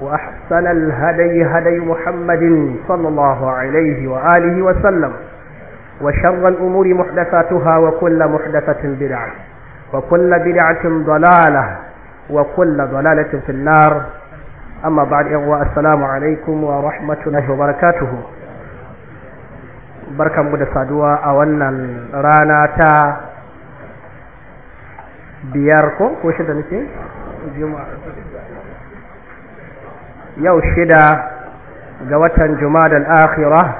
وأحسن الهدي هدي محمد صلى الله عليه وآله وسلم وشر الأمور محدثاتها وكل محدثة بدعة وكل بدعة ضلالة وكل ضلالة في النار أما بعد إغواء السلام عليكم ورحمة الله وبركاته بركة مدسادوة أولا رانا تا بياركم وشدنتي جمعة yau shida ga watan jumadal akhira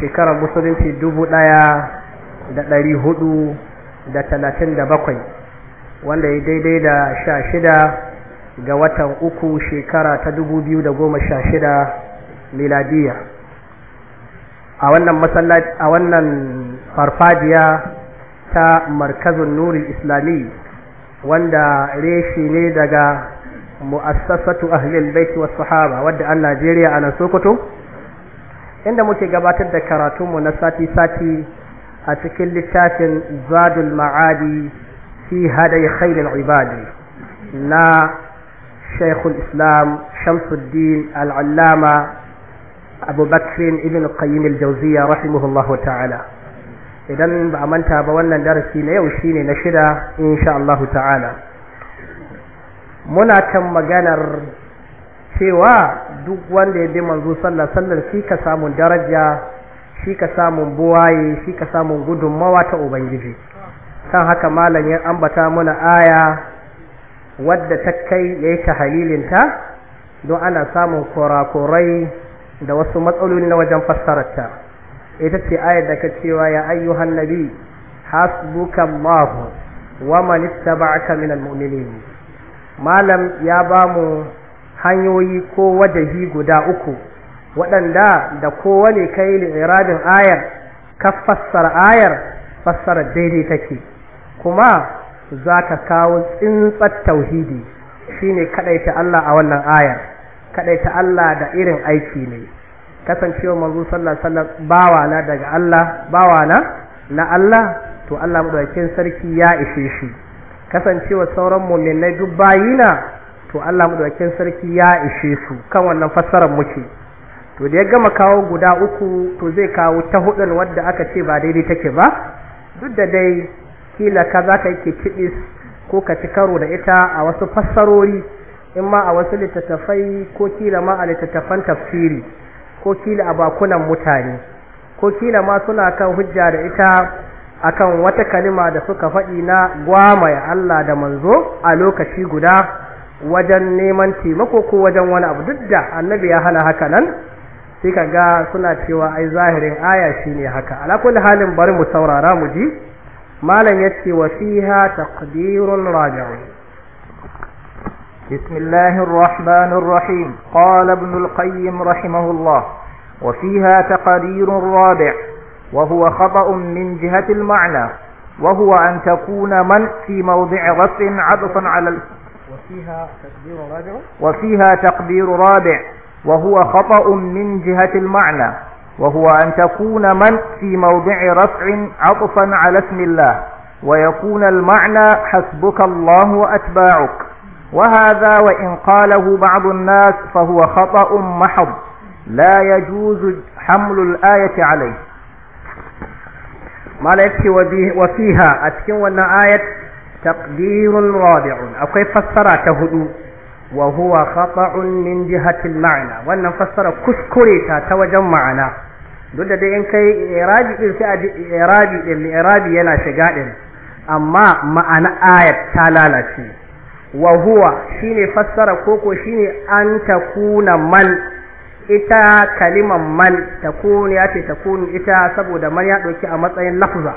shekarar musulunci dubu ɗaya da ɗari hudu da talatin da bakwai wanda ya daidai da sha shida ga watan uku shekara ta dubu biyu da goma sha shida miladiya a wannan masallaci a wannan farfajiya ta markazin nuri islami wanda reshi ne daga mu'assasatu ahlil bait was sahaba wadda an Najeriya a nan Sokoto inda muke gabatar da karatunmu na sati-sati a cikin littafin Zadul Ma'adi fi hadai khairul ibadi na Sheikhul Islam Shamsuddin Al-Allama Abu Bakr ibn Qayyim al-Jawziyya rahimahullahu ta'ala idan ba a manta ba wannan darasi na yau shine na shida insha Allah ta'ala muna kan maganar cewa duk wanda ya bi manzo sallallahu alaihi shi ka samun daraja shi ka samun buwaye shi ka samun gudunmawa ta ubangiji kan haka malam ya ambata muna aya wadda ta kai ya yi yayi halilinta don ana samun korakorai da wasu matsaloli na wajen fassararta ita ce ayar da ka cewa ya ayyuhan nabi hasbuka allah wa man ittaba'aka minal mu'minin malam ya ba mu hanyoyi ko wajahi guda uku waɗanda da kowane kai iradin ayar ka fassara ayar fassara daidai take kuma za ka kawo tsintsar tauhidi shine kaɗaita Allah a wannan ayar kaɗaita Allah da irin aiki ne kasancewa manzo sallallahu alaihi wasallam na daga Allah bawana na Allah to Allah madaukakin sarki ya ishe shi kasancewa sauran mu'minai duk bayina to Allah mu dauke sarki ya ishe su kan wannan fassarar muke to da ya gama kawo guda uku to zai kawo ta hudun wadda aka ce ba daidai take ba duk da dai kila ka za ka yi ko ka ci karo da ita a wasu fassarori in ma a wasu littattafai ko kila ma a littattafan tafsiri ko kila a bakunan mutane ko kila ma suna kan hujja da ita akan wata kalima da suka faɗi na gwamaya Allah da manzo a lokaci guda wajen neman taimako ko wajen wani abu duk da annabi ya hana haka nan sai kaga suna cewa ai zahirin aya shine haka ala kulli halin bari mu saurara mu ji malam yace wa fiha taqdirun raji'un بسم الله الرحمن الرحيم قال ابن القيم رحمه الله وفيها تقدير رابع وهو خطأ من جهة المعنى وهو أن تكون من في موضع رفع عطفا على ال... وفيها تقدير رابع وفيها تقدير رابع وهو خطأ من جهة المعنى وهو أن تكون من في موضع رفع عطفا على اسم الله ويكون المعنى حسبك الله وأتباعك وهذا وإن قاله بعض الناس فهو خطأ محض لا يجوز حمل الآية عليه mala wa fiha a cikin wannan ayat taqdirun rabi'un akwai fassara ta hudu wa huwa khata'un min jihati mana wannan fassara kuskure ta ta wajen ma'ana duk da dai in kai irabi din sai irabi din irabi yana shiga din amma ma'ana ayat ta lalace wa huwa shine fassara koko shine an takuna mal. ita kaliman man takunu ya ce takunu ita saboda man ya ɗauki a matsayin lafza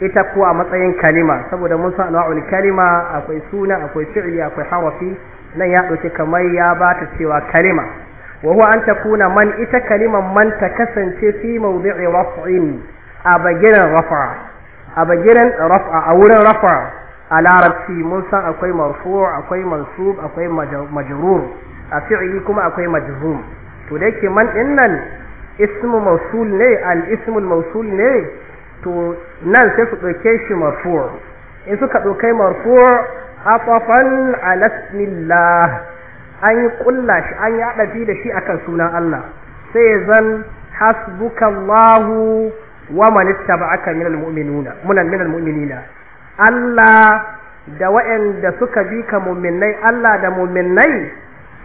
ita ko a matsayin kalima saboda mun san anwa'ul kalima akwai suna akwai fi'li akwai harafi nan ya ɗauki kamar ya ba ta cewa kalima wa huwa an takuna man ita kaliman man ta kasance fi mawdi'i raf'in a bagiran raf'a a raf'a a wurin raf'a a larabci mun san akwai marfu' akwai mansub akwai majrur a fi'li kuma akwai majzum to da yake man nan ismu mausul ne al ismul mausul ne to nan sai su ɗauke shi marfu' in suka ɗauke marfu' atafan ala an yi ƙulla shi an yi adafi da shi akan sunan Allah sai zan hasbukallahu wa ba aka minal mu'minuna munan minal mu'minina Allah da waɗanda suka bi ka mu'minnai Allah da mu'minnai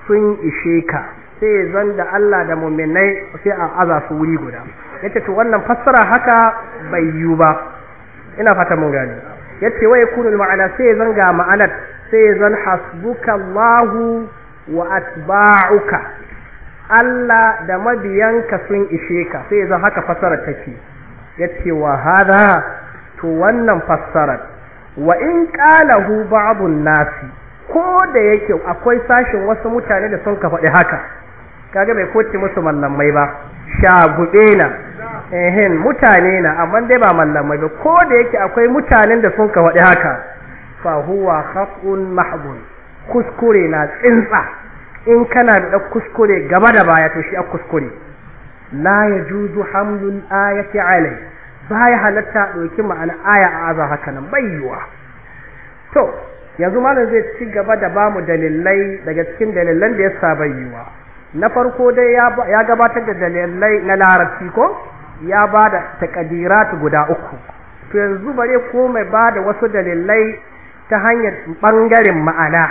sun ishe ka sai zan da Allah da mu'minai sai a aza su wuri guda yace to wannan fassara haka bai yiwu ba ina fata mun gani. yace wai kunul ma'ana sai zan ga ma'anar sai zan hasbukallahu wa atba'uka Allah da mabiyanka sun ishe ka sai zan haka fassara take yace wa hada to wannan fassarar wa in qalahu ba'dun nasi ko da yake akwai sashin wasu mutane da sun ka faɗi haka kaga bai koce musu mallamai ba shagube na ehin mutane na amma dai ba mallamai ba ko da yake akwai mutanen da sun ka wadi haka fa huwa khaf'un mahbun kuskure na tsinsa in kana da kuskure gaba da baya to shi a kuskure la yajuzu hamlul ayati alai baya halatta ɗauki ma'ana aya a aza haka nan bayyuwa to yanzu malam zai ci gaba da bamu dalilai daga cikin dalilan da ya sa bayyuwa na farko dai ya gabatar da dalilai na larabci ko ya ba da takadirat guda uku to yanzu bare ko mai ba da wasu dalilai ta hanyar ɓangaren ma'ana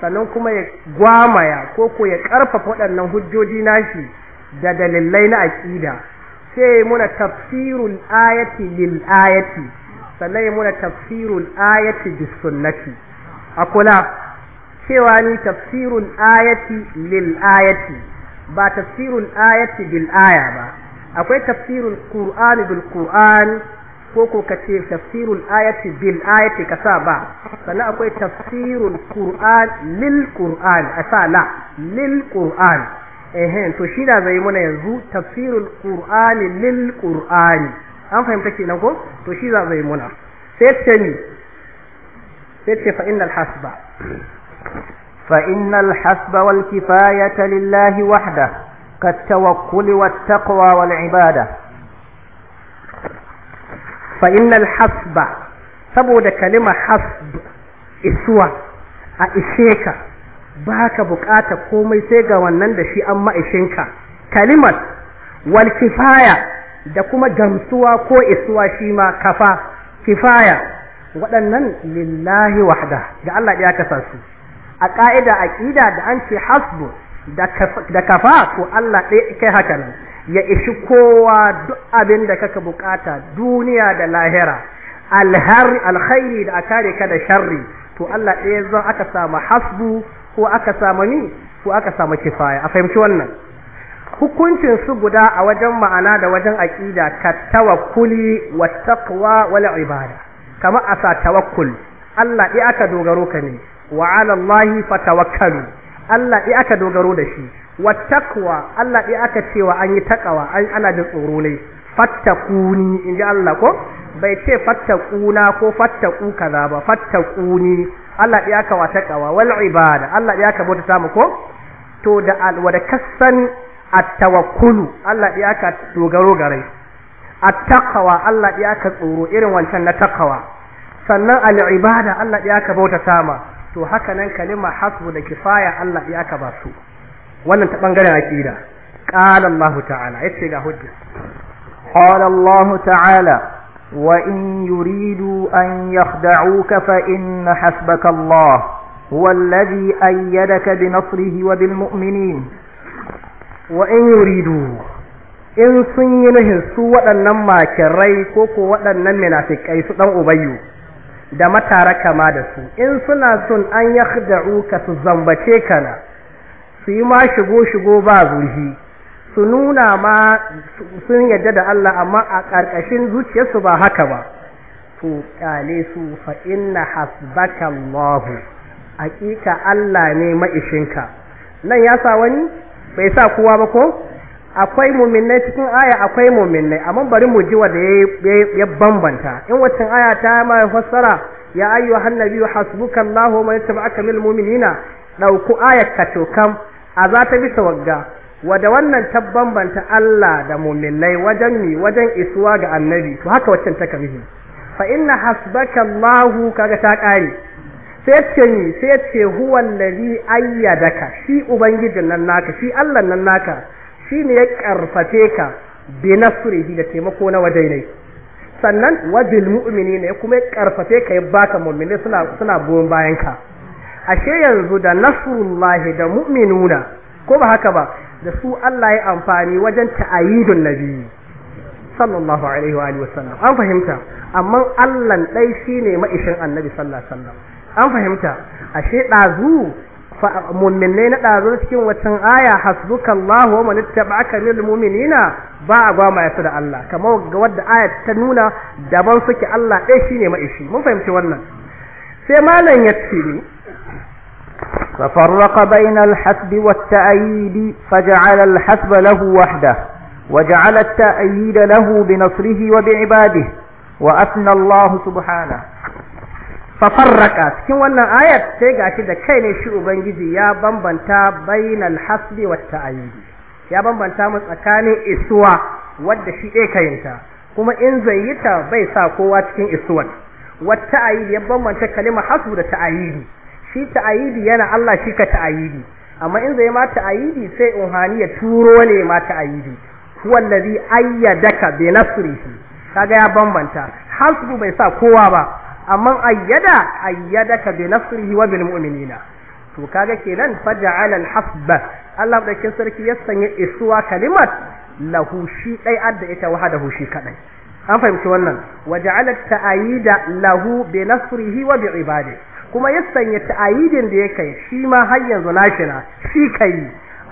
sannan kuma ya gwamaya ko ko ya ƙarfafa waɗannan hujjoji nashi da dalilai na aƙida sai muna tafsirul ayati lil ayati sannan muna tafsirul ayati bis sunnati kula. cewa ni tafsirul ayati lil ayati ba tafsirun ayati bil aya ba akwai tafsirun qur'ani bil qur'an ko ko kace tafsirun ayati bil ayati kasa ba sannan akwai tafsirun qur'an lil qur'an asala lil qur'an eh to shi da zai muna yanzu tafsirul qur'ani lil qur'ani an fahimta kenan ko to shi za zai muna sai ce ni sai ce fa innal hasba فإن الحسب والكفاية لله وحده كالتوكل والتقوى والعبادة فإن الحسب saboda kalima hasb isuwa a ishe ka ba ka bukata komai sai ga wannan da shi an ka kalimar wal kifaya da kuma gamsuwa ko isuwa shi ma kafa kifaya waɗannan lillahi wahda ga Allah ya kasa su a a ƙida da an ce hasbu da kafa to Allah ɗaya kai haka nan ya ishi kowa duk abin da kaka bukata duniya da lahira alhari da da akare ka da sharri to Allah ɗaya zan aka samu hasbu ko aka samu ni ko aka samu kifaya a fahimci wannan hukuncin su guda a wajen ma'ana da wajen aƙida ka tawakkuli wa taqwa wal ibada kama asa tawakkul Allah ɗaya aka dogaro ka ne wa alallahi allahi fatawakkalu Allah ya aka dogaro da shi wa takwa Allah ya aka cewa an yi takawa an ana da tsoro ne fattakuni inji Allah ko bai ce fattakuna ko fattaku kaza ba fattakuni Allah ya aka wa takawa wal ibada Allah ya aka bauta mu ko to da alwada kasani at-tawakkulu Allah ya aka dogaro gare at-taqwa Allah ya aka tsoro irin wancan na takawa sannan al ibada Allah ya aka bauta sama to haka nan kalima hasbu da kifaya Allah ya aka ba su wannan ta bangaren aqida qala Allah ta'ala yace ga hujja qala Allah ta'ala wa in yuridu an yakhda'uka fa inna hasbaka Allah huwa alladhi ayyadaka bi nasrihi wa bil mu'minin wa in yuridu in sun yi nuhin su waɗannan makirai ko ko waɗannan munafikai su dan ubayyu da matara kama da su in suna son an uka su zambace kana su yi ma shigo shigo ba zuhi su nuna ma sun yadda da Allah amma a ƙarƙashin zuciyarsu ba haka ba to kale su fa inna hasbaka Allah hakika Allah ne maishinka nan ya sa wani bai sa kowa ba ko akwai muminai cikin aya akwai muminai amma bari mu ji wanda ya bambanta in wacin aya ta mai fassara ya ayyuhan hannabi hasbuka Allahu wa yattaba'aka minal mu'minina dauku ayat ka kam a za ta bisa wagga wada wannan ta bambanta Allah da muminai wajen mi wajen isuwa ga annabi to haka wacin ta kafi fa inna hasbaka Allahu kaga ta kare sai ce ni sai ce huwa allazi ayyadaka shi ubangijin nan naka shi Allah nan naka shine ya karfafe ka bi nasrihi da taimako na ne. sannan wajen mu'minina ne kuma ya karfafe ka ya baka mu'mini suna suna goyon bayan ka ashe yanzu da nasrullahi da mu'minuna ko ba haka ba da su Allah ya amfani wajen ta'ayidun nabi sallallahu alaihi wa alihi wasallam an fahimta amma Allah dai shine ma'ishin annabi sallallahu alaihi wasallam an fahimta ashe ɗazu. فمؤمن لنا دارون سكين وطن آية حسبك الله ومن اتبعك من المؤمنين باع قواما يسود الله كما قد آية تنونا دابان سكي الله ايشيني ما ايشيني ما فهمت وانا سيما لن يتسيني ففرق بين الحسب والتأييد فجعل الحسب له وحده وجعل التأييد له بنصره وبعباده وأثنى الله سبحانه fafarraka cikin wannan ayat sai gashi da kai ne shi ubangiji ya bambanta bainal hasbi wat ta'ayidi, ya bambanta mu tsakanin isuwa wadda shi ɗaya kayinta kuma in zai yi bai sa kowa cikin isuwar wat ta'ayidi ya bambanta kalma hasbu da ta'ayidi, shi ta'ayidi yana Allah shi ka ta'ayidi, amma in zai ma ta'ayyudi sai uhani ya turo ne ma ta'ayyudi huwa ladhi ayyadaka bi nasrihi kaga ya bambanta hasbu bai sa kowa ba amma ayyada ayyadaka bi nasrihi wa bil mu'minina to kaga kenan faja'ala al hasba Allah ke sarki ya sanya isuwa kalimat lahu shi dai adda ita wahadahu shi kadai an fahimci wannan waja'ala ta'ayida lahu bi nasrihi wa bi ibadihi kuma ya sanya ta'ayidin da ya kai shi ma har yanzu nashina shi kai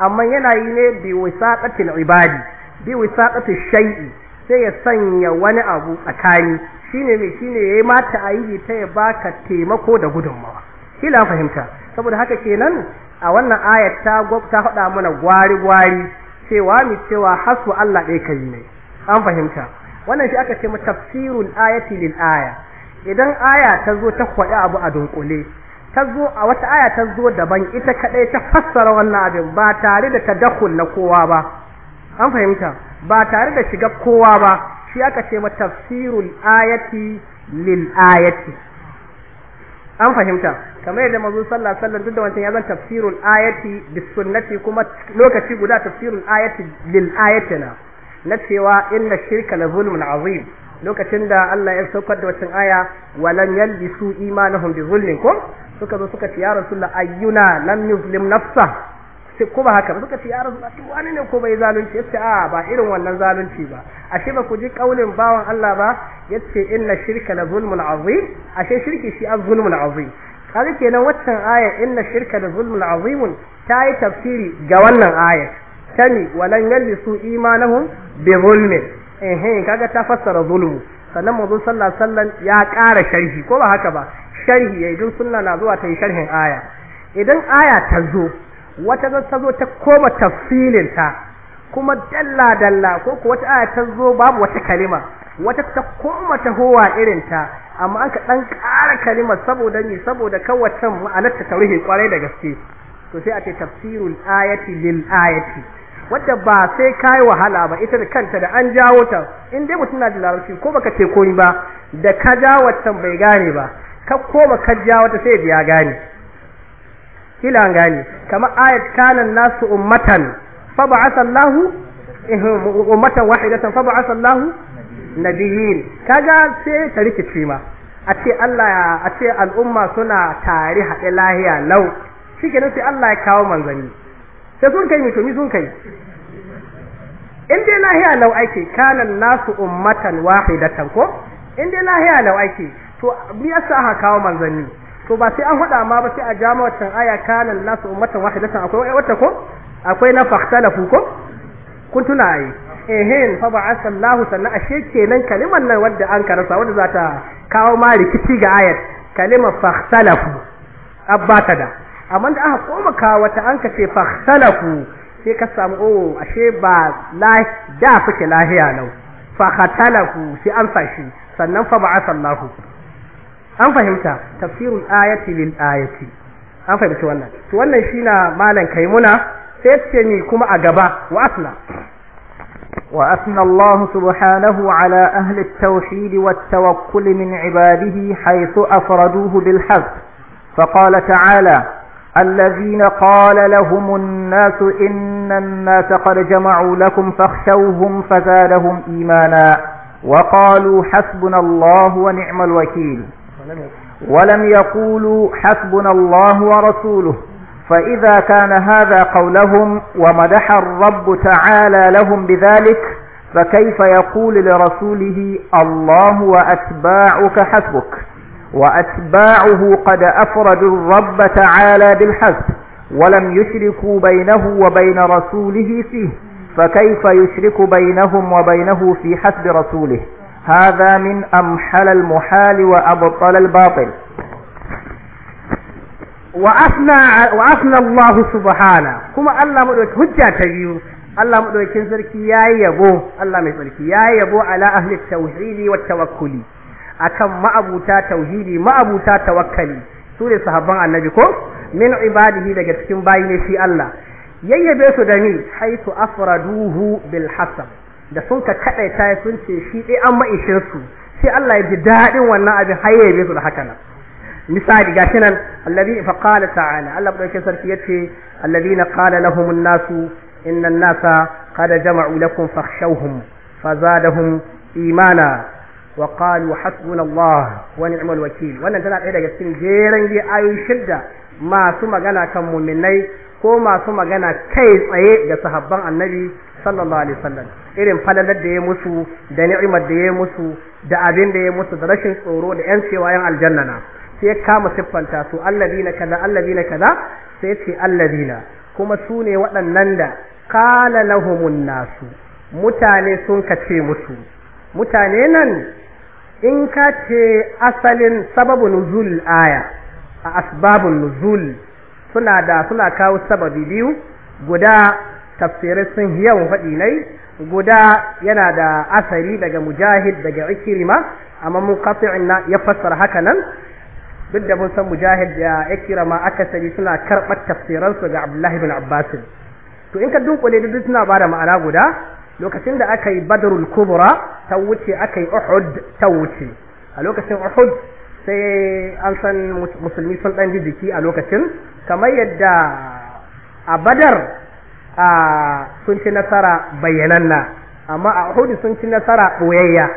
amma yana yi ne bi wisaqatil ibadi bi wisaqatil shay'i sai ya sanya wani abu tsakani shine mai shine yayi mata ayi ta ya baka taimako da gudunmawa kila fahimta saboda haka kenan a wannan ayat ta gwabta faɗa mana gwari gwari cewa mi cewa hasu Allah ɗaya kai ne an fahimta wannan shi aka ce mu tafsirul ayati lil aya idan aya ta zo ta kwaɗi abu a dunkule ta zo a wata aya ta zo daban ita kadai ta fassara wannan abin ba tare da tadakhul na kowa ba an fahimta ba tare da shiga kowa ba shi aka ce ma tafsirul ayati lil ayati an fahimta kamar yadda manzo sallallahu alaihi duk da wancan ya zan tafsirul ayati bis sunnati kuma lokaci guda tafsirul ayati lil ayatina na cewa inna shirka la zulmun azim lokacin da Allah ya saukar da wancan aya walan yalbisu imanahum bi zulmin ko suka zo suka ce ya rasulullah ayyuna lam yuzlim nafsa ce ko ba haka ba suka ce ya rasu wani ne ko bai zalunci yace a ba irin wannan zalunci ba ashe ba ku ji kaulin bawan Allah ba yace inna shirka la zulmun azim ashe shirki shi az zulmun azim kaga kenan waccan aya inna shirka la zulmun azim ta yi tafsiri ga wannan aya tani walan yalbisu imanahum bi zulmin eh kaga ta fassara zulmu sannan mu sallallahu alaihi wasallam ya ƙara sharhi ko ba haka ba sharhi yayin sunna na zuwa ta yi sharhin aya idan aya ta zo wata zan ta zo ta koma tafsilin kuma dalla dalla ko ku wata aya ta zo babu wata kalima wata ta koma ta howa irin ta amma ka dan ƙara kalimar saboda ni saboda kawatan ma'anar ta tarihi kwarai da gaske to sai a ce tafsirul ayati lil ayati wadda ba sai kai wahala ba ita da kanta da an jawo ta in dai mutum na da larabci ko baka ce koyi ba da ka jawo bai gane ba ka koma ka jawo ta sai biya gane kila an kama ayat kanan nasu ummatan fa ba'atha Allahu eh, ummatan wahidatan fa ba'atha Allahu nabiyyin kaga sai ta rikice ma a ce Allah a ce al'umma suna tare haɗe lahiya lau shikenan sai Allah ya kawo manzanni sai sun kai mutum sun kai in dai lahiya lau ake kana nasu ummatan wahidatan ko in dai lahiya lau ake to me yasa aka kawo manzanni to ba sai an faɗa ma ba sai a ja wancan aya kanan nasu ummatan wahidatan akwai wata ko akwai na fahtalafu ko kun tuna ai ehin fa ba'atha sannan ashe kenan kalimar nan wanda an karasa wanda za ta kawo ma rikici ga ayat kalima fahtalafu abbata da amma da aka koma kawo wata an ka ce fahtalafu sai ka samu o oh, ashe ba da fike lahiya lau fahtalafu sai an fashi sannan fa ba'atha asallahu. an fahimta tafsirul ayati lil ayati an fahimci wannan to wannan shine malan kaimuna sai ce ni kuma a gaba wa asna وأثنى الله سبحانه على أهل التوحيد والتوكل من عباده حيث أفردوه بالحق فقال تعالى الذين قال لهم الناس إن الناس قد جمعوا لكم فاخشوهم فزادهم إيمانا وقالوا حسبنا الله ونعم الوكيل ولم يقولوا حسبنا الله ورسوله فإذا كان هذا قولهم ومدح الرب تعالى لهم بذلك فكيف يقول لرسوله الله وأتباعك حسبك وأتباعه قد أفردوا الرب تعالى بالحسب ولم يشركوا بينه وبين رسوله فيه فكيف يشرك بينهم وبينه في حسب رسوله هذا من أمحل المحال وأبطل الباطل وأثنى, وأثنى الله سبحانه كما الله مدوك هجة تجيو الله مدوك ينزلك يا يبو الله مدوك يا يبو على أهل التوحيد والتوكل أكم ما أبوتا توحيدي ما أبوتا توكلي سورة صحابة النبي كو من عباده لقد كم بايني في الله ييبسو دني حيث أفردوه بالحسب da sun ka kaɗai ta sun ce shi ɗai an ma'ishin su sai Allah ya ji daɗin wannan abin har ya yabe su da haka nan misali gashi nan allazi fa qala ta'ala Allah bude sarki yace allazina qala lahum an-nasu inna an-nasa qad jama'u lakum fakhshawhum fazadahum imana wa qalu hasbunallah wa ni'mal wakeel wannan tana ɗaya daga cikin jeran je ayoyi shidda masu magana kan mu'minai ko masu magana kai tsaye da sahabban annabi sallallahu alaihi wasallam irin falalar da ya musu da ni'imar da ya musu da abin da ya musu da rashin tsoro da yan cewa yan aljanna na sai ya kama siffanta su alladina kaza alladina kaza sai ce alladina kuma su ne waɗannan da kala lahumun nasu mutane sun kace musu mutane nan in ka ce asalin sababu nuzul aya a asbabun nuzul suna da suna kawo sababi biyu guda tafsirai sun yawan faɗi nai guda yana da asari daga mujahid daga ikirima amma mun qati'in na ya fassara haka nan duk da mun san mujahid da ikirima akasari suna karɓar tafsiransu ga abdullahi bin abbas to in ka dunkule duk suna ba da ma'ana guda lokacin da aka yi badrul kubra ta wuce aka yi uhud ta wuce a lokacin uhud sai an san musulmi sun ɗan jiki a lokacin kamar yadda a badar a sun ci nasara bayyananna amma a hudu sun ci nasara ɓoyayya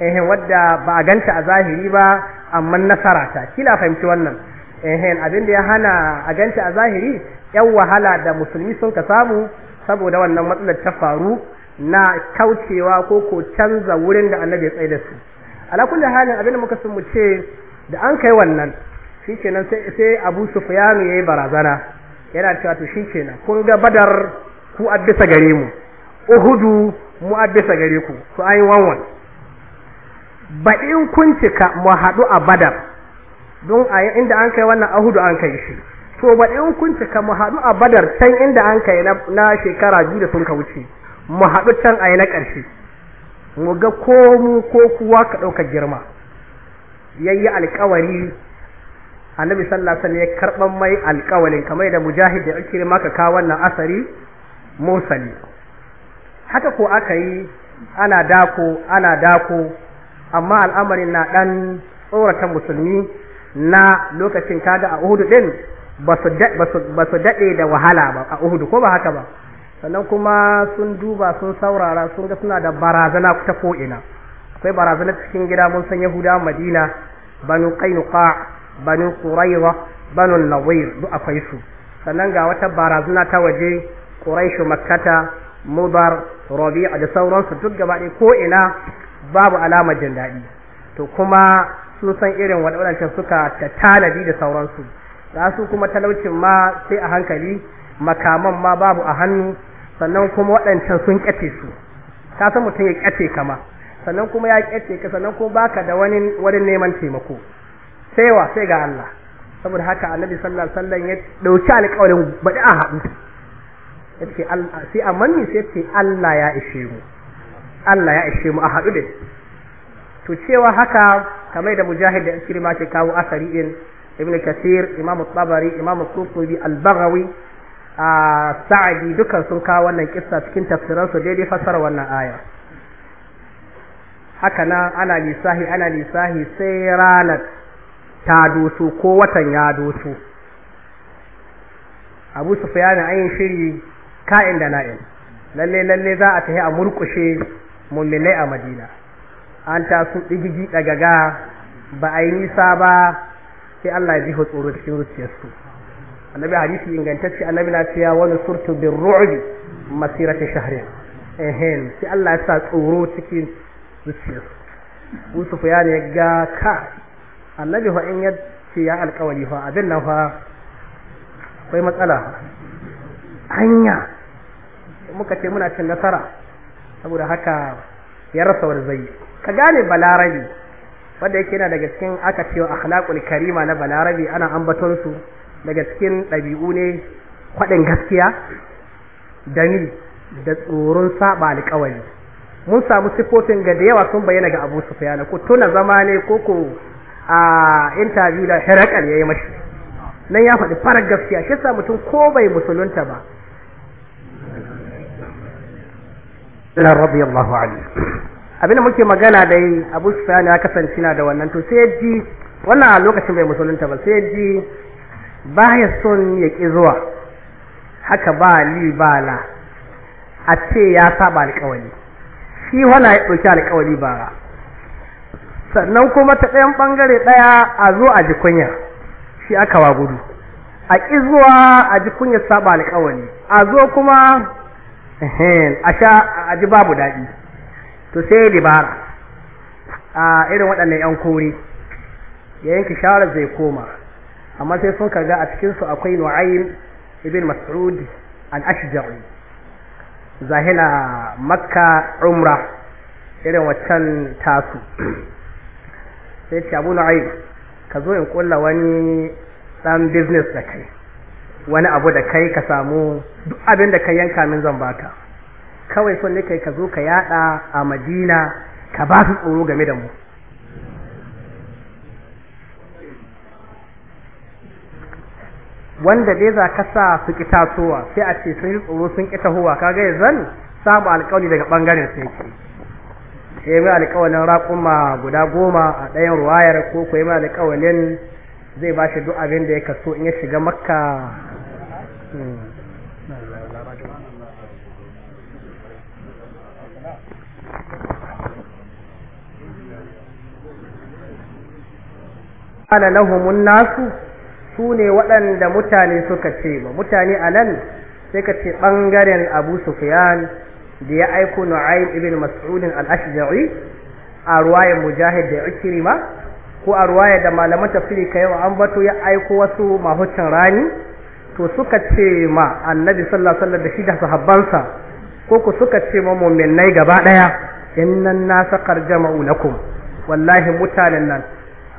eh wadda ba a ganta a zahiri ba amma nasara ta kila fahimci wannan eh abin da ya hana a ganta a zahiri yan wahala da musulmi sun ka samu saboda wannan matsalar ta faru na kaucewa ko ko canza wurin da annabi ya tsaye da su ala kulli halin abin da muka sun mu ce da an kai wannan shikenan sai sai Abu Sufyan yayi barazana yana cewa to kenan kun ga badar ku addisa gare mu uhudu mu addisa gare ku to ayi wanwan baɗin kun cika mu haɗu a badar don a inda an kai wannan uhudu an kai shi to baɗin kun cika mu haɗu a badar can inda an kai na shekara biyu da sun ka wuce mu haɗu can a yi na ƙarshe mu ga ko mu ko kuwa ka ɗauka girma yayi alƙawari annabi sallallahu alaihi wasallam ya karban mai alƙawalin kamar da mujahid da ake maka ka wannan asari musali haka ko aka yi ana dako ana dako amma al'amarin na dan tsorata musulmi na lokacin kaga a Uhud din ba su daɗe da wahala ba a Uhudu ko ba haka ba sannan kuma sun duba sun saurara sun ga suna da barazana ta ko'ina akwai barazana cikin gida mun san Yahuda Madina banu Qainuqa bani quraiza banu nawir duk akwai su sannan ga wata barazana ta waje quraishu makata mubar rabi'a da sauransu duk gaba ɗaya ko ina babu alamar jin daɗi to kuma sun san irin waɗancan suka ta tanadi da sauransu da su kuma talaucin ma sai a hankali makaman ma babu a hannu sannan kuma waɗancan sun ƙyace su ka san mutum ya ƙyace kama sannan kuma ya ƙyace ka sannan kuma baka da wani wani neman taimako sai wa sai ga Allah saboda haka annabi sallallahu alaihi wasallam ya dauki alƙawarin bada a haɗu yace Allah sai amma ni sai ce Allah ya ishe mu Allah ya ishe mu a haɗu da to cewa haka kamar da mujahid da ikrima ke kawo asari din ibn kasir imam tabari imam qurtubi al-baghawi a sa'adi dukan sun kawo wannan kissa cikin tafsirarsu daidai fasara wannan aya haka nan ana lisahi ana lisahi sai ranar ta doso ko watan ya doso abu na ayin shiri ka'in da na'in lalle lalle za a tafi a murkushe mulmulai a madina an taso digigi ga ba a yi nisa ba sai Allah ya jiho tsoro cikin zuciyarsu annabi hadisi ingantacce annabi na cewa wani surtu bin ru'bi masirata shahrin ehem sai Allah ya sa tsoro cikin zuciyarsu Yusuf ya ne ga ka annabi fa in ya ce ya alkawari fa abin nan fa akwai matsala hanya muka ce muna cin nasara saboda haka ya rasa wani ka gane balarabi wanda yake yana daga cikin aka cewa akhlaqul karima na balarabi ana ambaton su daga cikin ɗabi'u ne kwaɗin gaskiya dani da tsoron saba alƙawari mun samu sifofin ga da yawa sun bayyana ga Abu Sufyan ko tuna zama ne ko ko a interview da Herakal yi mashi nan ya faɗi farar gaskiya shi sa mutum ko bai musulunta ba Allah radiyallahu abinda muke magana dai Abu sani ya kasance na da wannan to sai ji wannan a lokacin bai musulunta ba sai ji ya son ya ki zuwa haka ba li ba la a ce ya saba alƙawari shi wala ya ɗauki alƙawari ba sannan kuma ta ɗayan ɓangare ɗaya a zo a ji kunya shi aka wa gudu a ƙi zuwa a ji kunya saba alƙawari a zo kuma a sha a ji babu daɗi to sai dibara a irin waɗannan 'yan kori ya yanki shawarar zai koma amma sai sun kaga a cikinsu akwai nu'ayin ibn mas'ud al-ashjari zahina makka umra irin waccan tasu sai ce abu aiki ka zo in kulla wani ɗan business da kai wani abu da kai ka samu duk abin da ka yanka min zan baka kawai son ne kai ka zo ka yada a madina ka ba su tsoro game da mu wanda dai za ka sa su ki tasowa sai a ce sun yi tsoro sun ki tahowa kaga yanzu saba alƙawari daga bangaren sai ke sai mai alkawalin raƙuma guda goma a ɗayan ruwayar ko kuwa mai alkawalin zai ba shi duk abin da ya kaso in ya shiga makka ana lahumun nasu su ne waɗanda mutane suka ce ba mutane a nan sai ka ce ɓangaren abu sufiyan da ya aiko Nu'aym ibn Mas'ud al-Ashja'i a ruwayar Mujahid da Ikrima ko a ruwayar da malaman tafsiri kai wa an bato ya aiko wasu mahuccin rani to suka ce ma Annabi sallallahu alaihi wasallam da shi da sahabbansa ko ku suka ce ma mu'minai gaba daya innan nasa qad jama'u lakum wallahi mutanen nan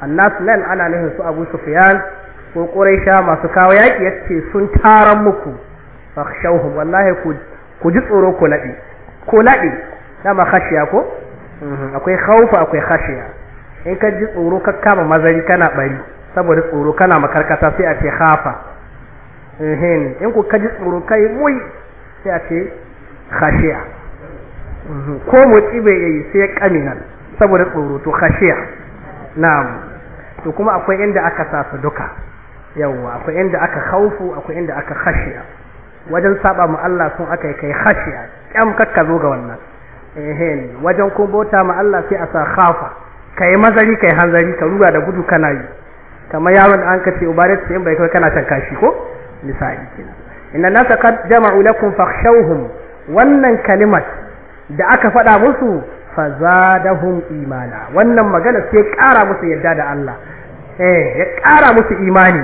annas nan ana nihin su Abu Sufyan ko Quraisha masu kawo yaki yace sun taran muku fakhshawhum wallahi ku ku ji tsoro ku naɗi ko laɗi dama khashiya ko mhm, akwai khawfa akwai khashiya in ka ji tsoro ka kama mazari kana bari saboda tsoro kana makarkata sai a ce khafa in ku ka ji tsoro kai mui sai a ce khashiya mhm, ko motsi bai yi sai kaminan saboda tsoro to khashiya na'am to kuma akwai inda aka sasa duka yawwa akwai inda aka khaufu akwai inda aka khashiya wajen saba mu Allah sun aka yi kai khashiya kyam kakka zo ga wannan ehe wajen kun bauta ma Allah sai a sa khafa kai mazari kai hanzari ka ruga da gudu kana yi kamar yaron da an ka ce ubarat sai bai kai kana shan kashi ko misali kina inna nasa kad jama'u lakum fakhshawhum wannan kalimat da aka faɗa musu fazadahum imana wannan magana sai ƙara musu yadda da Allah eh ya ƙara musu imani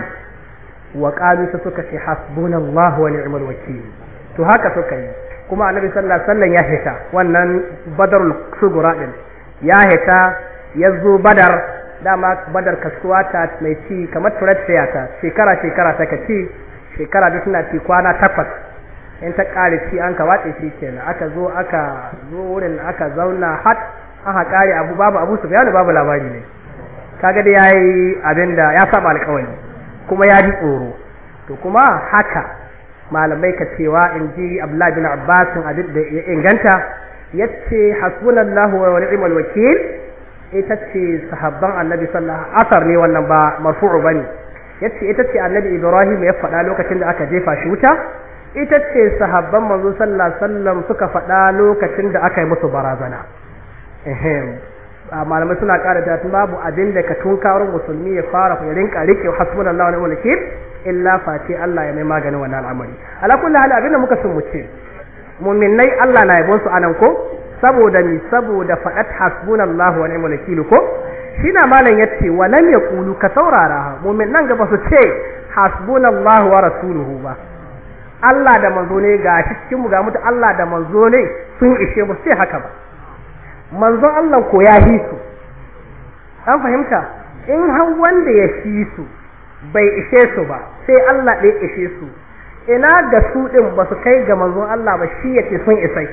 wa qalu suka ce hasbunallahu wa ni'mal wakeel to haka suka yi kuma annabi sallallahu alaihi wasallam ya hita wannan badarul sugura din ya hita ya zo badar dama badar kasuwa ta mai ci kamar turat ta shekara shekara ta ci shekara da suna ci kwana takwas in ta kare ci an ka watse shi kenan aka zo aka zo wurin aka zauna har aka kare abu babu abu su bayani babu labari ne kaga da yayi abinda ya saba alƙawari kuma ya ji tsoro to kuma haka malamai ka cewa in ji abdullahi bin abbas abin da ya inganta yace hasbunallahu wa ni'mal wakil ita ce sahabban annabi sallallahu alaihi asar ne wannan ba marfu'u bane yace ita ce annabi ibrahim ya faɗa lokacin da aka jefa shi wuta ita ce sahabban manzo sallallahu alaihi wasallam suka faɗa lokacin da aka yi musu barazana ehem malamai suna ƙara da babu abin da ka tunkawar musulmi ya fara ya rinka rike hasbunallahu wa ni'mal wakil illa fati Allah ya mai maganin wannan al'amari ala kulli hali abinda muka sun muce mu'minai Allah na yabon su anan ko saboda mi saboda faɗat hasbunallahu wa ni'mal wakeel ko shina malam yace wa lam yaqulu ka saurara Mumin ga ba su ce hasbunallahu wa rasuluhu ba Allah da manzo ne ga cikin mu ga mutu Allah da manzo ne sun ishe mu sai haka ba manzo Allah ko ya hisu an fahimta in har wanda ya hisu. su bai ishe su ba sai Allah ɗaya ishe su ina ga su ɗin ba su kai ga manzon Allah ba shi yake sun isai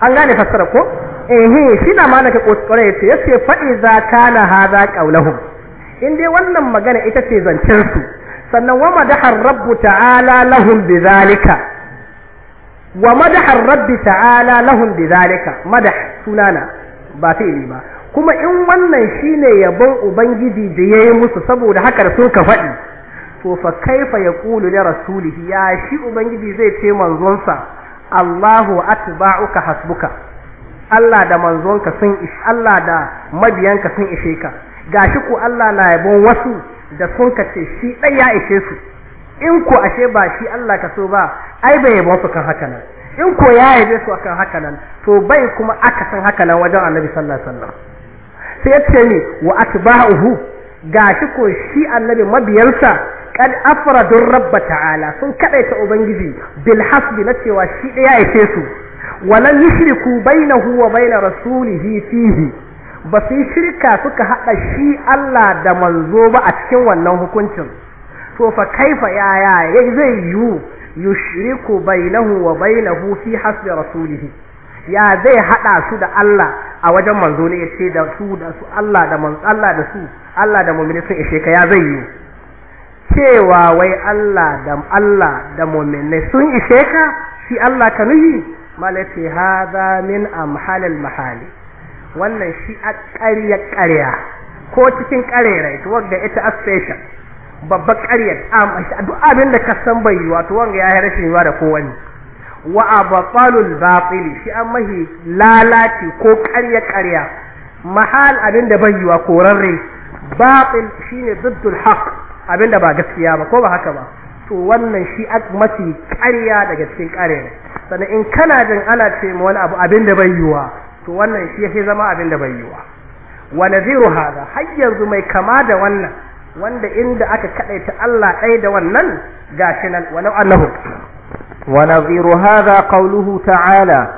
an gane fassara ko eh shi na malaka kokore yace faɗi fa iza kana hadha qawluhum in dai wannan magana ita ce zancen su sannan wa madahar rabbu ta'ala lahum bidhalika wa madahar rabbi ta'ala lahum bidhalika madah sunana ba fi'ili ba kuma in wannan shi ne yabon ubangiji da ya yi musu saboda haka sun ka faɗi to fa kaifa yaqulu da rasulihi ya shi ubangiji zai ce manzonsa Allahu atba'uka hasbuka Allah da manzonka sun ishi Allah da mabiyanka sun ishe ka gashi ku Allah na yabon wasu da sun ka ce shi ɗaya ya ishe su in ku ashe ba shi Allah ka so ba ai bai yabon su kan haka nan in ko ya yabe su akan haka nan to bai kuma aka san haka nan wajen annabi sallallahu alaihi wasallam sai ya ce ni wa atba'uhu gashi ko shi annabi mabiyarsa kad afradu rabba ta'ala sun kadaita ubangiji bil hasbi na cewa shi ɗaya ya ce su walan yushriku bainahu wa bain rasulihi fihi ba su shirka suka haɗa shi Allah da manzo ba a cikin wannan hukuncin to fa kaifa yaya zai yiwu yushriku bainahu wa bainahu fi hasbi rasulih ya zai hada su da Allah a wajen manzo ne yace da su da su Allah da manzo Allah da su Allah da mu'mini sun ishe ka ya zai yi cewa wai Allah da Allah da mu'mini sun ishe ka shi Allah ka nuhi malati hadha min mahali wannan shi a ƙarya ko cikin ƙarerai to wanda ita a babbar ƙaryar duk abin da ka san bai yi wato wanga ya yi rashin yiwa da kowani wa abaqalul batil shi an mahi lalace ko ƙarya ƙarya mahal abin da bai yiwa korarre batil shine ziddul haqq abin da ba gaskiya ba ko ba haka ba to wannan shi mafi ƙarya daga cikin ƙarya sannan in kana jin ana ce wani abu abin da bai yiwa to wannan shi yake zama abin da bai yiwa wa nadhiru hada har yanzu mai kama da wannan wanda inda aka kadaita Allah ɗaya da wannan gashi nan walau annahu wa nadhiru hadha qawluhu ta'ala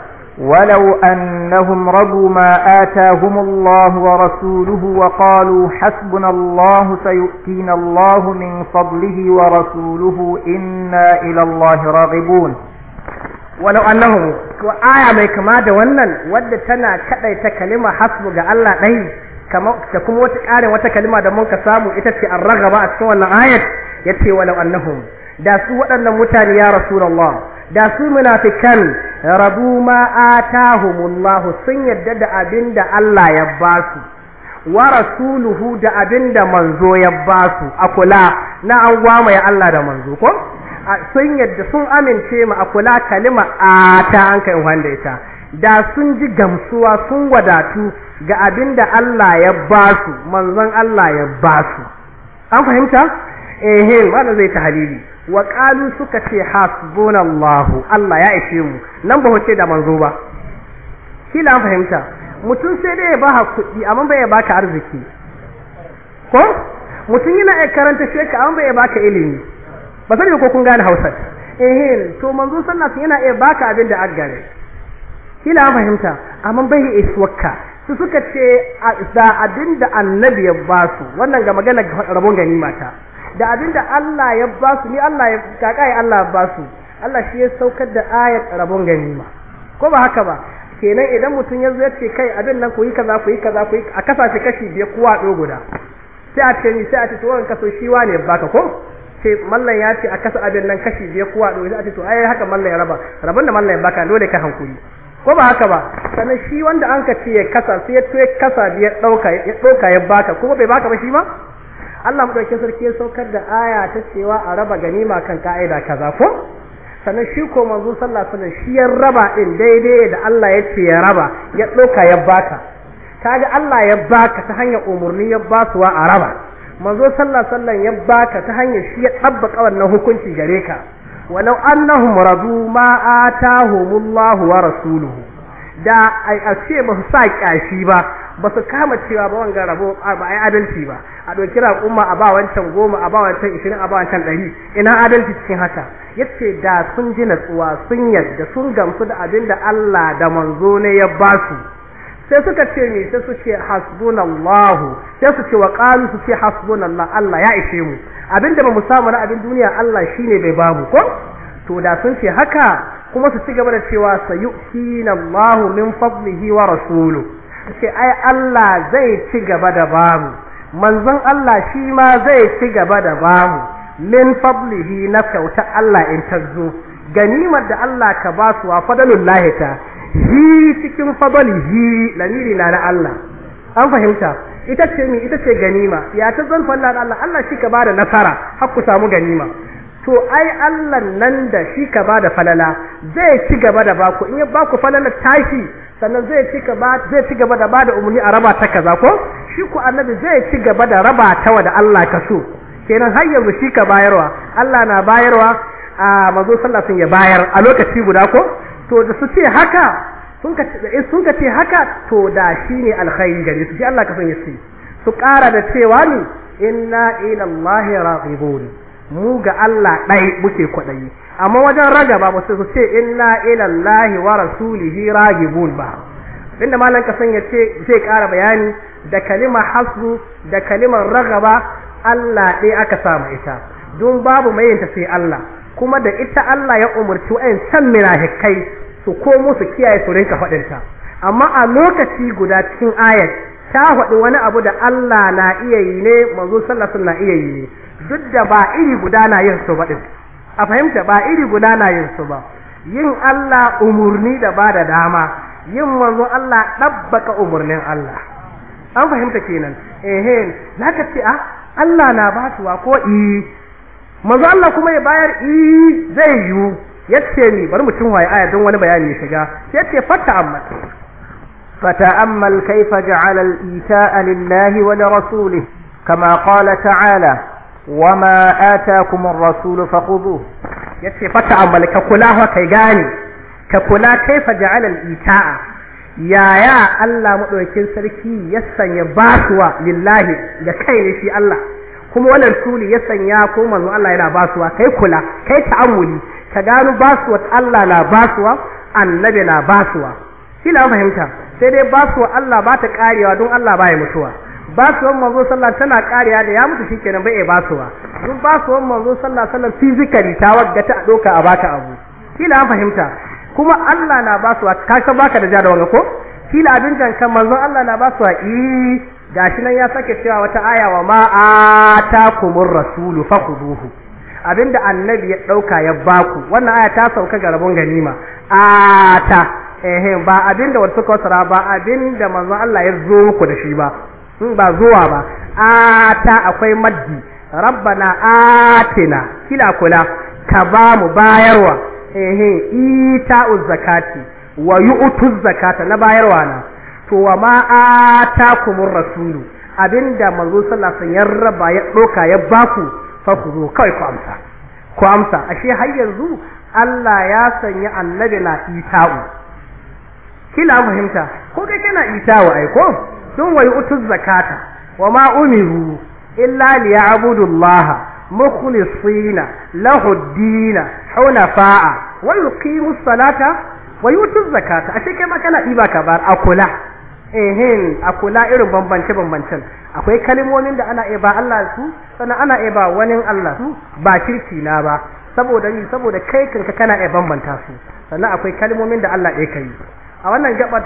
ولو أنهم رضوا ما آتاهم الله ورسوله وقالوا حسبنا الله سيؤتينا الله من فضله ورسوله إنا إلى الله راغبون ولو أنهم وآية ما كما دوانا ودتنا كأي تكلمة حسب الله نهي da kuma wata ƙarin wata kalima da mun ka samu ita ce an ragaba a cikin wannan ayat ya ce walau annahum da su waɗannan mutane ya rasulullah da su munafikan rabu ma atahumullah sun yadda da abin da Allah ya ba su wa rasuluhu da abin da manzo ya ba su a kula na an gwama ya Allah da manzo ko sun yadda sun amince mu a kula kalima ata an kai wanda ita da sun ji gamsuwa sun wadatu ga abin da Allah ya ba su manzon Allah ya ba su an fahimta ehem wannan zai ta halili wa qalu suka ce hasbunallahu Allah ya ishe mu nan ba hoce da manzo ba kila an fahimta mutum sai dai ya ba ha kuɗi amma bai ya baka arziki ko mutum yana ya karanta sheka amma bai ya baka ilimi ba yi ko kun gane Hausa ehem to manzo sallallahu yana iya baka abin da aggare kila fahimta amma bai iswaka su suka ce da abinda annabi ya ba su wannan ga magana rabon ganima ta da abinda Allah ya ba su ni Allah ya kaka ya Allah ba su Allah shi ya saukar da ayat rabon ganima ko ba haka ba kenan idan mutum ya zo ya ce kai abin nan ku yi kaza ku yi kaza ku yi a kasashe kashi biye kowa ɗo guda sai a ce ni sai a ce to wannan kaso shi wane baka ko ce mallan ya ce a kasa abin nan kashi biye kowa ɗo sai a ce to ai haka mallan ya raba rabon da mallan ya baka dole ka hankuri ko ba haka ba sannan shi wanda an ka ce ya kasa sai ya tuye kasa ya dauka ya dauka ya baka kuma bai baka ba shi ma Allah mu ɗauki sarki ya saukar da aya ta cewa a raba ganima kan ka'ida kaza ko sannan shi ko manzo sallallahu alaihi wasallam shi ya raba din daidai da Allah ya ce ya raba ya dauka ya baka kaga Allah ya baka ta hanyar umurni ya basuwa a raba manzo sallallahu alaihi wasallam ya baka ta hanyar shi ya tabbaka wannan hukunci gare ka walau annahum radu ma atahumullahu wa rasuluhu da ai a ce ba su sa kyashi ba ba su kama cewa ba wanga rabo ba ai adalci ba a doki umma a ba wancan goma a ba wancan ishirin a ba wancan ɗari ina adalci cikin haka yace da sun ji natsuwa sun yarda sun gamsu da abinda Allah da manzo ne ya ba su sai suka ce me sai su ce hasbunallahu sai su ce wa qalu su ce hasbunallah Allah ya ishe mu abinda ba mu samu na abin duniya Allah shine bai babu ko to da sun ce haka kuma su ci gaba da cewa sayu'tinallahu min fadlihi wa rasuluhu sai ai Allah zai ci gaba da bamu manzon Allah shi ma zai ci gaba da bamu min fadlihi na kyauta Allah in tazo ganimar da Allah ka ba su wa fadalullahi ta hi cikin hiri lamiri na na Allah an fahimta ita ce mi ita ce ganima ya ta zan falla da Allah Allah shi ka bada nasara har ku samu ganima to ai Allah nan da shi ka bada falala zai ci gaba da baku in ya baku falala tashi sannan zai ci gaba zai ci gaba da bada umuni a raba ta kaza ko shi ku annabi zai ci gaba da raba ta wa da Allah ka so kenan har yanzu shi ka bayarwa Allah na bayarwa a sallah sun ya bayar a lokaci guda ko to da su ce haka sun ka ce haka to da shi ne alkhairi gare su ce Allah ka sanya su su ƙara da cewa ni inna ila Allah raghibun mu ga Allah ɗai muke kwaɗayi. amma wajen raga ba su ce inna ila Allah wa rasulihi raghibun ba inda malam ka sanya ce zai ƙara bayani da kalimar hasbu da kalimar ragaba Allah ɗai aka samu ita don babu mayinta sai Allah kuma da ita Allah ya umarci wa'in san mirahikai su komo su kiyaye su rinka faɗinta amma a lokaci guda cikin ayat ta faɗi wani abu da Allah na iya yi ne manzo sallallahu na iya yi ne duk da ba iri guda na yin su baɗin a fahimta ba iri guda na yin su ba yin Allah umurni da ba da dama yin manzo Allah ɗabbaka umurnin Allah an fahimta kenan ehe Na ka ce a ah, Allah na basuwa ko ko'i. Eh, manzo Allah kuma ya bayar i zai yiwu yace ni bari mutum waye aya don wani bayani ya shiga yace fata amma فتأمل كيف جعل الإيتاء لله ولرسوله كما قال تعالى وما آتاكم الرسول فخذوه yace fata amal ka kula haka kai gane ka kula kaifa ja'ala al-ita'a yaya Allah madaukin sarki ya sanya basuwa lillahi ga kai ne shi Allah kuma wannan tuli ya sanya ko manzo Allah yana basuwa kai kula kai amuli ka gano basuwa Allah na basuwa annabi na basuwa kila fahimta sai dai basuwa Allah ba ta karewa don Allah ba ya mutuwa basuwan manzo sallah tana karewa da ya mutu shikenan bai basuwa don basuwan manzo sallah wasallam physically ta wagga ta doka a baka abu kila fahimta kuma Allah na basuwa ka san baka da jada wanga ko kila abin kan manzo Allah na basuwa eh gashi nan ya sake cewa wata aya wa ma atakumur rasulu fakhuduhu abinda annabi ya dauka ya baku wannan aya ta sauka ga ganima ata eh ba abinda wata suka wasara ba abinda manzo Allah ya zo ku da shi ba in hmm, ba zuwa ba ata akwai maddi rabbana atina kila kula ka ba mu bayarwa eh ita zakati wa yu'tu zakata na bayarwa na to wa ma atakumur rasulu abinda manzo sallallahu alaihi wasallam ya raba ya doka ya baku fa ku zo kai ku amsa ku amsa ashe har yanzu Allah ya sanya annabi na ita'u kila fahimta ko kai kana ita'u ai ko sun wayi utuz zakata wa ma umiru illa liya'budu Allah mukhlisina lahu ad-din hunafa'a wa yuqimu as-salata wa yutu zakata ashe kai ma kana iba ka bar akula ehin a kula irin bambance bambancen akwai kalmomin da ana iya ba Allah su sannan ana iya ba wani Allah su ba kirki na ba saboda ni saboda kai kanka kana iya bambanta su sannan akwai kalmomin da Allah ya kai a wannan gabat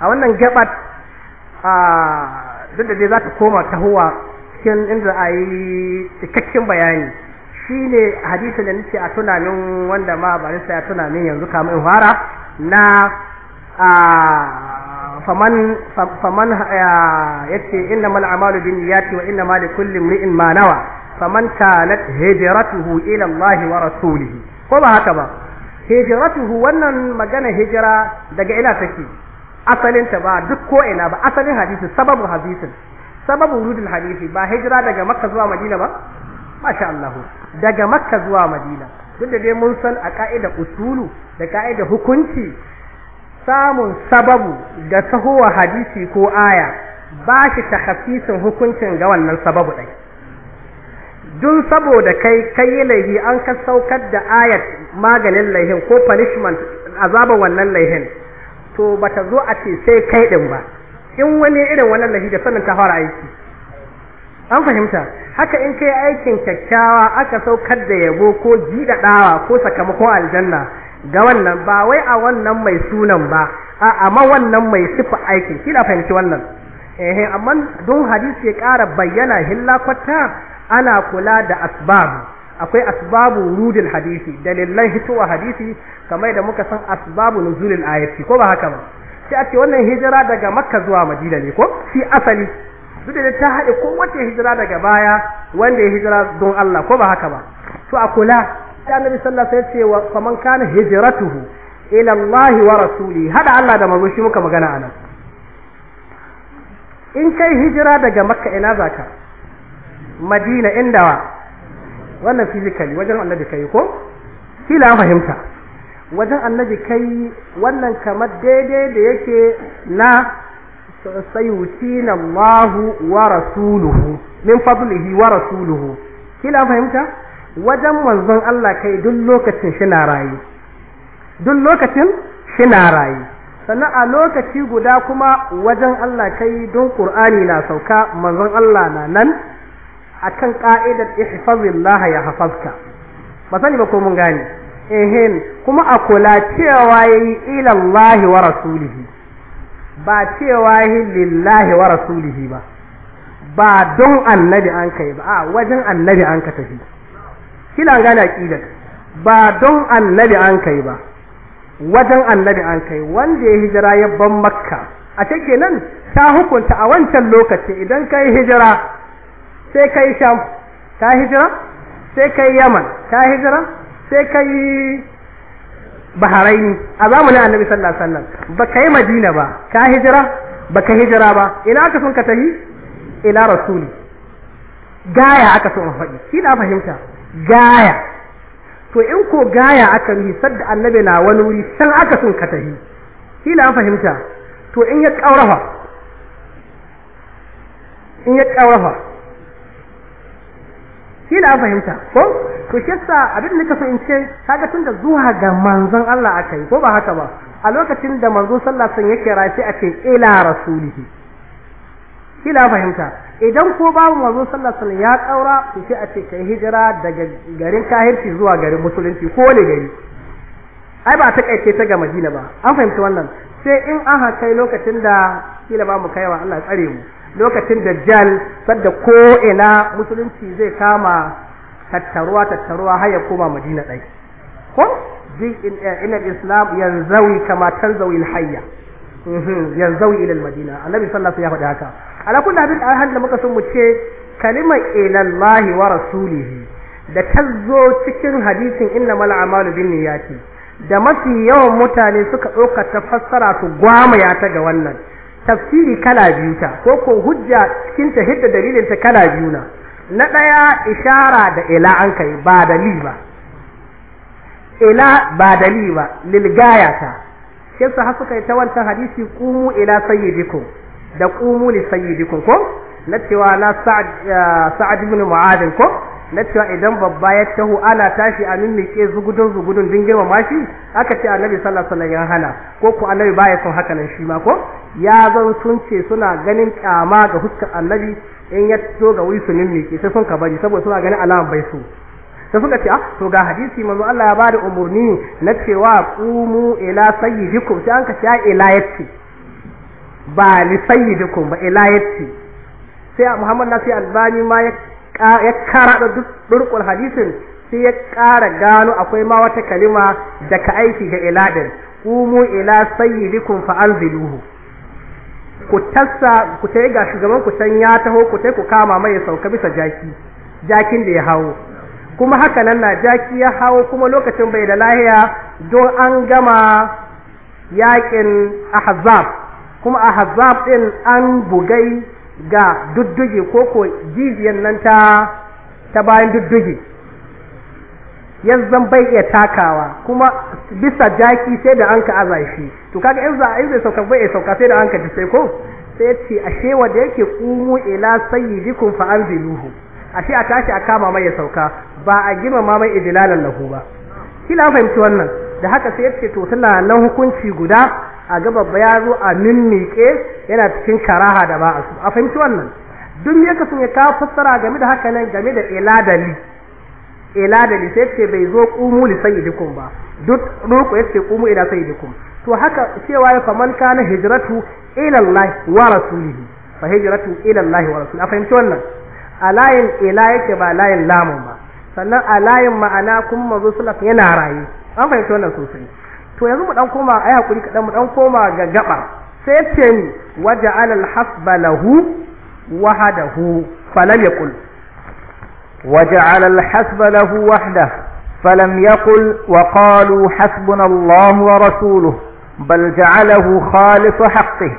a wannan gabat a duk da dai za ka koma tahowa cikin inda a yi cikakken bayani shi ne hadisin da nake a tunanin wanda ma barista ya tunanin yanzu kama in fara na faman faman yace innamal a'malu binniyati wa innamal likulli imrin ma nawa faman kanat hijratuhu ila Allah wa rasulihi ko ba haka ba hijratuhu wannan magana hijira daga ina take asalin ta ba duk ko ina ba asalin hadisi sababu hadisin sababu wurudul hadisi ba hijira daga makka zuwa madina ba masha Allah daga makka zuwa madina duk da dai mun san a ka'ida usulu da ka'ida hukunci samun sababu ga tahowa hadisi ko aya ba shi hafisun hukuncin ga wannan sababu ɗai dun saboda kai kai yi laihi an ka saukar da ayat maganin laihin ko punishment azaba wannan laihin to ba ta zo a ce sai kai ɗin ba in wani irin wannan laihi da sanin ta fara aiki an fahimta haka in kai aikin kyakkyawa aka saukar da yabo ko jiɗaɗawa ko sakamakon aljanna ga wannan ba wai a wannan mai sunan ba a amma wannan mai sifa aikin kina fahimci wannan eh amma don hadisi ya ƙara bayyana kwata ana kula da asbab akwai asbabu rudil hadisi dalilan hitowa hadisi kamar da muka san asbab nuzulil ayati ko ba haka ba sai a ce wannan hijira daga makka zuwa madina ne ko shi asali duk da ta haɗe ko wace hijira daga baya wanda ya hijira don Allah ko ba haka ba to a kula sai annabi sallallahu alaihi wasallam ya ce wa faman kana hijratuhu ila Allah wa rasuli hada Allah da manzo shi muka magana anan in kai hijira daga makka ina zaka madina indawa wannan physically wajen annabi kai ko kila fahimta wajen annabi kai wannan kamar daidai da yake na sayyutina Allah wa rasuluhu min fadlihi wa rasuluhu kila fahimta wajen manzon Allah kai duk lokacin shi na rayu duk lokacin shi na rayu sannan a lokaci guda kuma wajen Allah kai don Qur'ani na sauka manzon Allah na nan akan ka'idar ihfazillah ya hafazka ba sani ba ko mun gane ehin kuma a kula cewa yayi ila Allah wa rasulihi ba cewa yi lillahi wa rasulihi ba ba don annabi an kai ba a wajen annabi an ka tafi kina gane aqidar ba don annabi an kai ba wajen annabi an kai wanda ya hijira ya ban makka a take nan ta hukunta a wancan lokaci idan kai hijira sai kai sham ka hijira sai kai yaman ka hijira sai kai baharaini a zamanin annabi sallallahu alaihi wasallam ba kai madina ba ka hijira ba ka hijira ba ina aka sun ka tahi ila rasuli gaya aka sun faɗi shi fahimta gaya to in ko gaya aka yi sadda annabi na wani wuri san aka sun ka tafi kila an fahimta to in ya kaurafa in ya kaurafa kila an fahimta ko to shi yasa abin da kafa in ce kaga da zuwa ga manzon Allah aka yi ko ba haka ba a lokacin da manzon sallallahu alaihi wasallam yake rafi ake ila rasulihi kila fahimta idan ko babu mazo sallallahu alaihi ya kaura to sai a ce kai hijira daga garin kahirci zuwa garin musulunci ko wani gari ai ba ta kaice ta ga Madina ba an fahimci wannan sai in an kai lokacin da kila ba mu kaiwa Allah tsare mu lokacin da jal sadda ko ina musulunci zai kama tattaruwa tattaruwa har ya koma Madina dai ko din in eh, islam yanzawi kama tanzawi al-hayya Mhm, yanzawi ila almadina annabi sallallahu alaihi wasallam ya faɗi haka ala kullu hadin ahan da muka so mu ce kalimar ila wa rasulihi da tazo cikin hadisin innamal a'malu binniyati da mafi yawan mutane suka ɗauka ta fassara su gwamaya ta ga wannan tafsiri kala biyu ta ko ko hujja cikin ta hidda dalilin ta kala biyu na na ɗaya ishara da ila an kai ba dalil ba ila ba dalil ba lilgaya ta shi yasa har suka yi ta wancan hadisi qumu ila sayyidikum da qumu li sayyidikum ko na cewa na sa'ad sa'ad ibn ko na cewa idan babba ya taho ana tashi a mimmike zugudun zugudun din girmama shi aka ce annabi sallallahu alaihi wasallam ya hana ko ku annabi baya son haka nan shi ma ko ya zan sun ce suna ganin kyama ga huskar annabi in ya to ga wuri su ke sai sun ka bari saboda suna ganin alaman bai su sai suka ce ah to ga hadisi manzo Allah ya bada umurni na cewa qumu ila sayyidikum sai an ka ce ah, ila yatti ba li sayyidikum ba ila yatti sai Muhammad Nasi Albani ma ya kara duk durkul hadisin sai ya kara gano akwai ma wata kalima da ka aiki ga iladin qumu ila sayyidikum fa anziluhu ku tassa ku tai ga shugaban ku san ya taho ku tai ku kama mai sauka bisa jaki jakin da ya hawo kuma haka nan na jaki ya hawo kuma lokacin bai da lahiya don an gama yakin ahzab kuma ahzab din an bugai ga duddugi ko ko jijiyan nan ta ta bayan duddugi yanzan bai iya takawa kuma bisa jaki sai da an ka aza to kaga in za a yi sauka bai sauka sai da an ka ji sai ko sai ce ashe wanda yake kumu ila sayyidikum fa anziluhu ashe a tashi a kama mai ya sauka ba a girmama mai idilalan lahu ba kila fahimci wannan da haka sai yace to tana nan hukunci guda a ga babba ya zo a ninnike yana cikin karaha da ba a su a fahimci wannan duk me yake sun ya kawo fassara game da haka nan game da iladali iladali sai ce bai zo qumu li sayyidikum ba duk ruku yace kumu ila sayyidikum to haka cewa ya faman kana hijratu ila Allah wa rasulihi fa hijratu ila Allah wa rasulihi a fahimci wannan a layin ila yake ba layin lamun ba sannan a layin ma'ana kuma manzo sallallahu yana raye an fahimci wannan sosai to yanzu mu dan koma ai hakuri kadan mu dan koma ga gaba sai ce ni waja'al al-hasba lahu wahdahu falam yaqul waja'al al-hasba lahu الحسب falam yaqul wa qalu hasbuna Allah wa rasuluhu بل جعله خالص حقه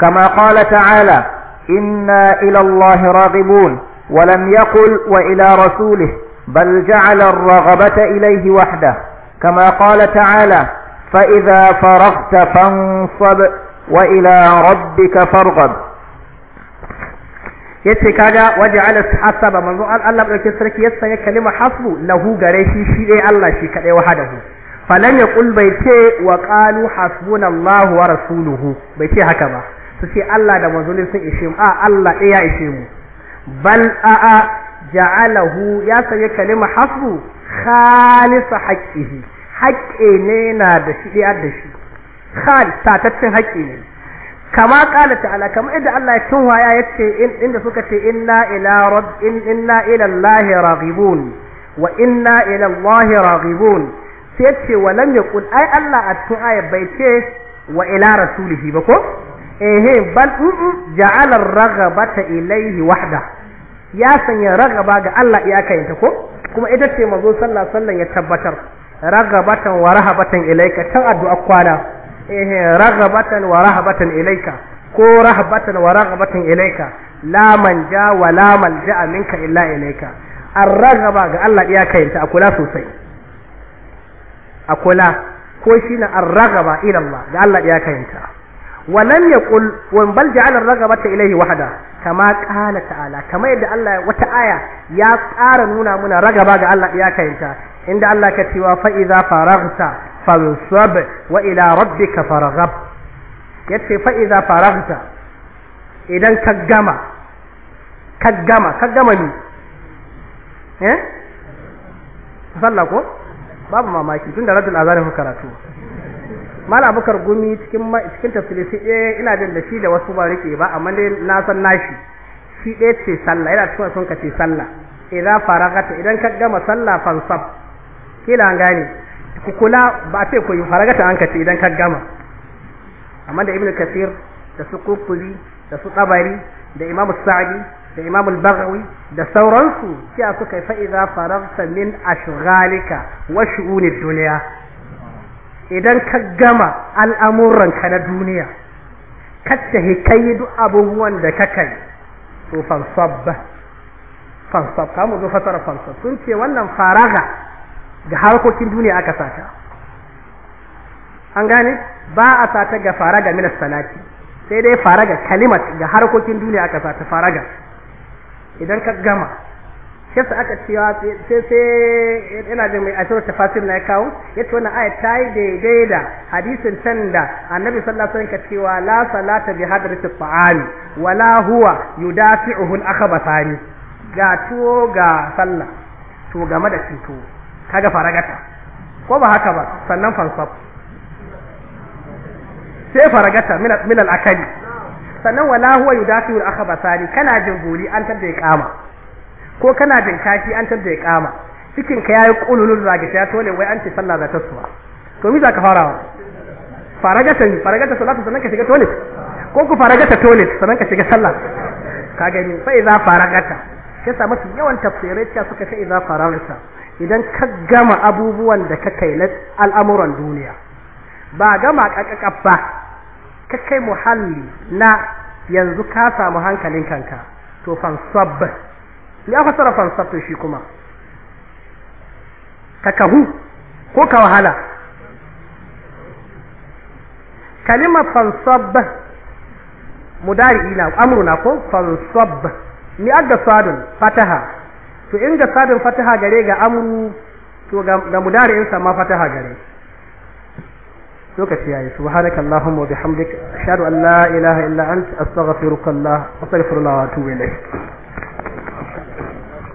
كما قال تعالى إنا إلى الله راغبون ولم يقل وإلى رسوله بل جعل الرغبة إليه وحده كما قال تعالى فإذا فرغت فانصب وإلى ربك فارغب yace kaga waje ala hasaba manzo Allah dauke sarki ya sanya kalima hasbu lahu gare shi shi dai Allah shi kadai wahadahu falan yaqul bai ce wa qalu hasbunallahu wa rasuluhu bai ce haka ba su ce Allah da manzo sun ishe mu a Allah dai ya ishe mu bal a'a ja'alahu ya sayi kalima hasbu khalisa haqqihi haƙƙe ne na da shi da shi khalis tataccen haƙƙi ne kama kala ta'ala kama inda Allah ya tunwaya yace inda suka ce inna ila rabb inna ila Allah raghibun wa inna ila Allah raghibun sai yace walam yaqul ai Allah at-tu'a bai ce wa ila rasulihi ba ko eh bal ja'ala ar-raghabata ilayhi wahda ya sanya ragaba ga Allah yanta ko kuma ita ce mazo sallallahu alaihi wasallam ya tabbatar ragabatan wa rahabatan ilayka tan addu'a kwana eh ragabatan wa rahabatan ilayka ko rahabatan wa ragabatan ilayka la ja wa la malja'a minka illa ilayka ar-ragaba ga Allah iyakayinta a kula sosai a kula ko shine ar-ragaba ila Allah ga Allah iyakayinta walam yaqul wa bal ja'ala ar-ragabata ilayhi wahda kama qala ta'ala kama yadda Allah wata aya ya ƙara nuna muna ragaba ga Allah ya kayinta inda Allah ka cewa fa idza faraghta fansab wa ila rabbika faraghab yace fa idza faraghta idan ka gama ka gama ka gama babu mamaki tunda radul azhar karatu mala bakar gumi cikin cikin tafsiri shi eh ina jin da shi da wasu ba rike ba amma dai na san nashi shi ɗaya ce sallah yana cikin son ka ce sallah idan faragata idan ka gama sallah fansab kila an gane ku kula ba sai ku yi faragata an ka ce idan ka gama amma da ibnu kasir da su Kukuri da su tsabari da imam sa'di da imam al-baghawi da sauransu sai suka fa idza faragta min ashghalika wa shu'unid dunya idan ka gama al'amuranka na duniya ka yi duk abubuwan da ka kai to ba fansab kamu zo fasara fansab sun ce wannan faraga ga harkokin duniya aka sata an gane ba a sata ga faraga minas salati sai dai faraga kalimat ga harkokin duniya aka sata faraga idan ka gama sai su aka cewa sai sai ina da mai ashirar tafasir na ya kawo ya ce wannan ayat ta yi daidai da hadisin can da annabi sallallahu alaihi wasallam cewa la salata bi hadrati ta'am wala huwa yudafi'uhu al akhabathani ga tuwo ga sallah to game da shi to kaga faragata ko ba haka ba sannan fansaf sai faragata min al-akali sannan wala huwa yudafi'uhu al akhabathani kana jin goli an tada kama ko kana bin kashi an tadda ya kama cikin ka yayi kululul zagi ta tole wai an ce sallah za ta suwa to mi za ka fara wa faragata faragata sallah sannan ka shiga toilet ko ku faragata toilet sannan ka shiga sallah ka gani fa idza faragata sai samu su yawan tafsirai ta suka ce idza faragata idan ka gama abubuwan da ka kai na al'amuran duniya ba gama kakakaf ba ka kai muhalli na yanzu ka samu hankalin kanka to fan sabbat a fasara fansattu shi kuma takahu ko ka wahala kalimar fansab mudari ila amruna ko fansab ni adda sadun fataha to in ga sadun fataha gare ga amru to ga mudari insa ma fataha gare lokaci yayi subhanaka allahumma wa bihamdika ashhadu an la ilaha illa anta astaghfiruka allah astaghfirullah wa atubu